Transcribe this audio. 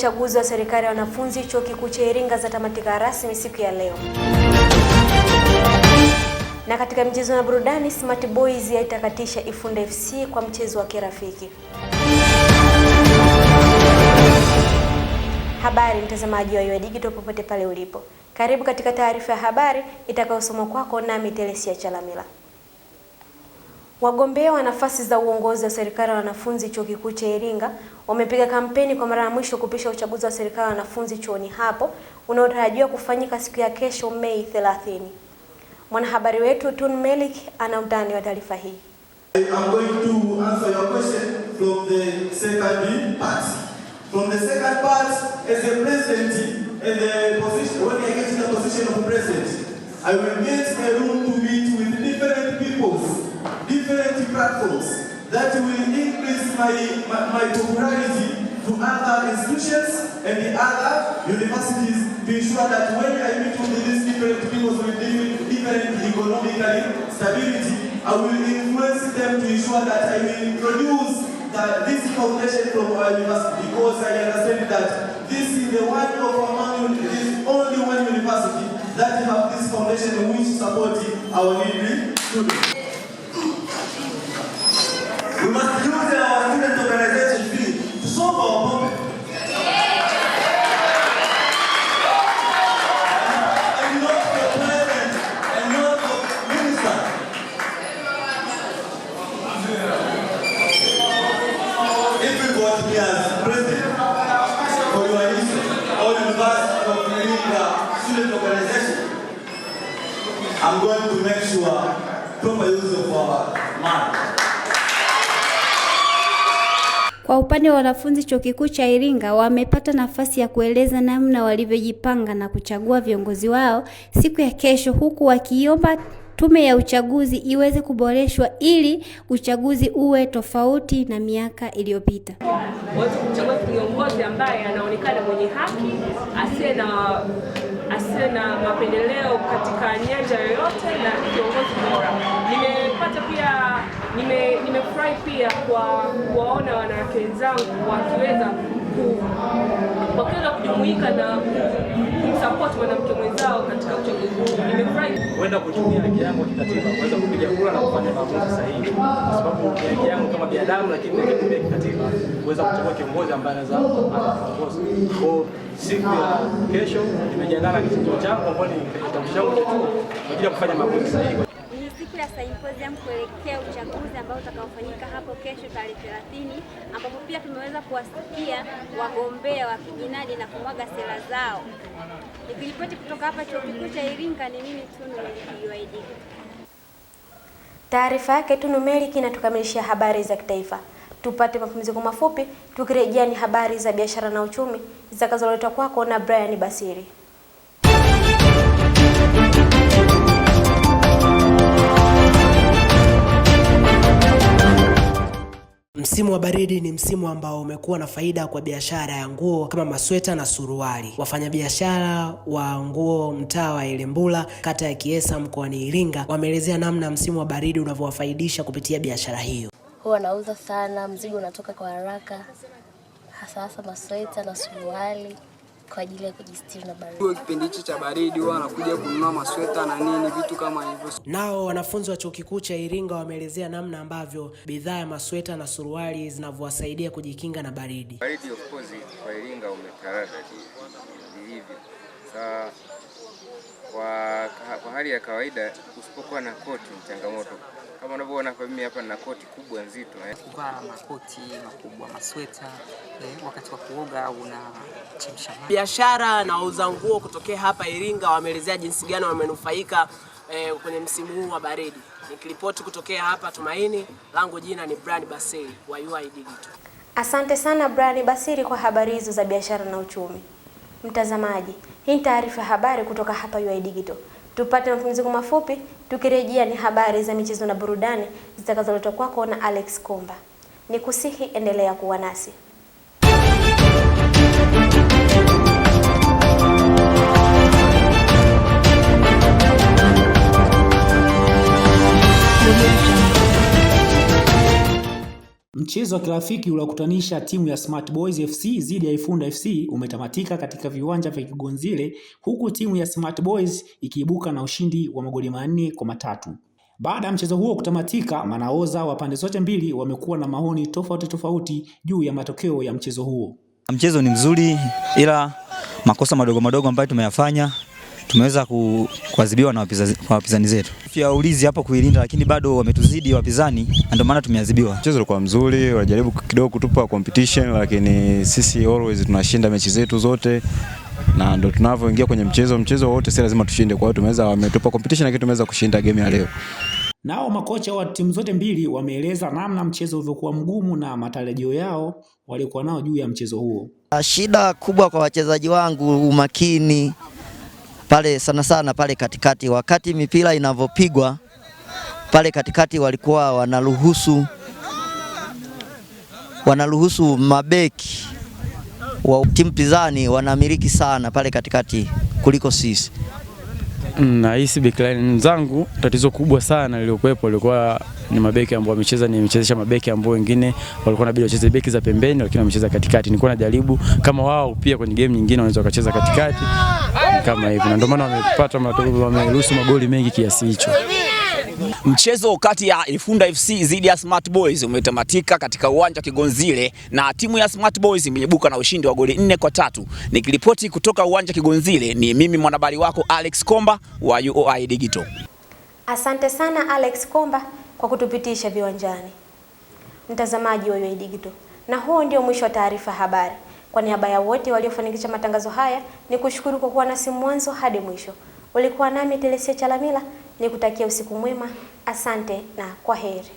uchaguzi wa serikali ya wanafunzi chuo kikuu cha Iringa zatamatika rasmi siku ya leo. Na katika mchezo na burudani, Smart Boys yaitakatisha Ifunda FC kwa mchezo wa kirafiki. Habari mtazamaji wa UoI Digital popote pale ulipo, karibu katika taarifa ya habari itakayosomwa kwako nami Telesia Chalamila. Wagombea wa nafasi za uongozi wa serikali ya wanafunzi chuo kikuu cha Iringa wamepiga kampeni kwa mara ya mwisho kupisha uchaguzi wa serikali ya wanafunzi chuoni hapo unaotarajiwa kufanyika siku ya kesho Mei 30. Mwanahabari wetu Tun Melik ana undani wa taarifa hii. I will get the room platforms that will increase my, my, my popularity to other institutions and the other universities to ensure that when I meet with these different people with different economic stability, I will influence them to ensure that I will introduce that this foundation from our university because I understand that this is the one of this only one university that have this foundation which supports our needy students. I'm going to make sure proper use of our money. Kwa upande wa wanafunzi chuo kikuu cha Iringa wamepata nafasi ya kueleza namna walivyojipanga na kuchagua viongozi wao siku ya kesho, huku wakiomba tume ya uchaguzi iweze kuboreshwa ili uchaguzi uwe tofauti na miaka iliyopita. Watu kuchagua kiongozi ambaye anaonekana mwenye haki, asiye na asiye na mapendeleo katika nyanja yoyote na kiongozi bora. Nimepata pia nimefurahi nime pia kwa kuwaona wanawake wenzangu wakiweza wakiweza kujumuika na kumsapoti mwanamke mwenzao katika uchaguzi huu. Nimefurahi huenda kutumia haki yangu kikatiba kuweza kupiga kura na kufanya maamuzi sahihi, kwa sababu ni haki yangu kama binadamu, lakini nikitumia kikatiba kuweza kuchagua kiongozi ambaye anaweza kuongoza. Kwa siku ya kesho nimejiandaa na kituo changu ambao ni kitabu changu kwa ajili ya kufanya maamuzi sahihi symposium kuelekea uchaguzi ambao utakaofanyika hapo kesho tarehe 30, ambapo pia tumeweza kuwasikia wagombea wa kijinadi na kumwaga sera zao. Nikiripoti kutoka hapa chuo kikuu cha Iringa, ni mimi Tunu UoID. Taarifa yake Tunu Meliki inatukamilishia habari za kitaifa. Tupate mapumziko mafupi, tukirejea ni habari za biashara na uchumi zitakazoletwa kwako na Brian Basiri. Msimu wa baridi ni msimu ambao umekuwa na faida kwa biashara ya nguo kama masweta na suruali. Wafanyabiashara wa nguo mtaa wa Ilembula, kata ya Kiesa, mkoani Iringa wameelezea namna msimu wa baridi unavyowafaidisha kupitia biashara hiyo. Huwa nauza sana, mzigo unatoka kwa haraka, hasa hasa masweta na suruali kwa ajili ya kujistiri na baridi. Kipindi hichi cha baridi huwa anakuja kununua masweta na nini vitu kama hivyo. Nao wanafunzi wa chuo kikuu cha Iringa wameelezea namna ambavyo bidhaa ya masweta na suruali zinavyowasaidia kujikinga na baridi. Baridi of course kwa Iringa umekarada hivi. Sasa kwa, kwa hali ya kawaida usipokuwa na koti ni changamoto kama unavyoona kwa mimi hapa nina koti kubwa nzito eh. Kuvaa makoti makubwa, masweta eh, wakati wa kuoga unachemsha maji. Biashara na wauza nguo kutokea hapa Iringa wameelezea jinsi gani wamenufaika eh, kwenye msimu huu wa baridi. Nikiripoti kutokea hapa Tumaini, langu jina ni Brian Basiri wa UoI Digital. Asante sana Brian Basiri kwa habari hizo za biashara na uchumi. Mtazamaji, hii ni taarifa ya habari kutoka hapa UoI Digital. Tupate mapumziko mafupi, tukirejea ni habari za michezo na burudani zitakazoletwa kwako na Alex Komba. Nikusihi endelea kuwa nasi. Mchezo wa kirafiki uliokutanisha timu ya Smart Boys FC dhidi ya Ifunda FC umetamatika katika viwanja vya Kigonzile huku timu ya Smart Boys ikiibuka na ushindi wa magoli manne kwa matatu. Baada ya mchezo huo kutamatika, manaoza wa pande zote mbili wamekuwa na maoni tofauti tofauti juu ya matokeo ya mchezo huo. Mchezo ni mzuri, ila makosa madogo madogo ambayo tumeyafanya tumeweza kuadhibiwa na wapinzani zetu ya ulizi hapo kuilinda, lakini bado wametuzidi wapinzani, ndio maana tumeadhibiwa. Mchezo ulikuwa mzuri, wanajaribu kidogo kutupa competition, lakini sisi always tunashinda mechi zetu zote na ndo tunavyoingia kwenye mchezo. Mchezo wote si lazima tushinde, kwa hiyo tumeweza, wametupa competition lakini tumeweza kushinda game ya leo. Nao makocha wa timu zote mbili wameeleza namna mchezo ulivyokuwa mgumu na matarajio yao waliokuwa nao juu ya mchezo huo. Shida kubwa kwa wachezaji wangu umakini pale sana sana pale katikati, wakati mipira inavyopigwa pale katikati walikuwa wanaruhusu wanaruhusu mabeki wa timu pinzani wanamiliki sana pale katikati kuliko sisi. Mm, Nahisi beki line zangu tatizo kubwa sana liliokuwepo walikuwa ni mabeki ambao wamecheza ni mabeki ambao wengine walikuwa nabidi wacheze beki za pembeni, lakini wamecheza katikati. Nilikuwa najaribu kama wao pia kwenye game nyingine wanaweza wakacheza katikati kama hivi, na ndio maana wamepata matokeo, wameruhusu magoli mengi kiasi hicho. Mchezo kati ya Ifunda FC dhidi ya Smart Boys umetamatika katika uwanja wa Kigonzile na timu ya Smart Boys imeibuka na ushindi wa goli nne kwa tatu. Nikiripoti kutoka uwanja Kigonzile ni mimi mwanahabari wako Alex Komba wa UOI Digital. Asante sana Alex Komba kwa kutupitisha viwanjani. Mtazamaji wa UoI Digital, na huo ndio mwisho wa taarifa habari. Kwa niaba ya wote waliofanikisha matangazo haya, ni kushukuru kwa kuwa nasi mwanzo hadi mwisho. Ulikuwa nami Telesia Chalamila, nikutakia usiku mwema. Asante na kwa heri.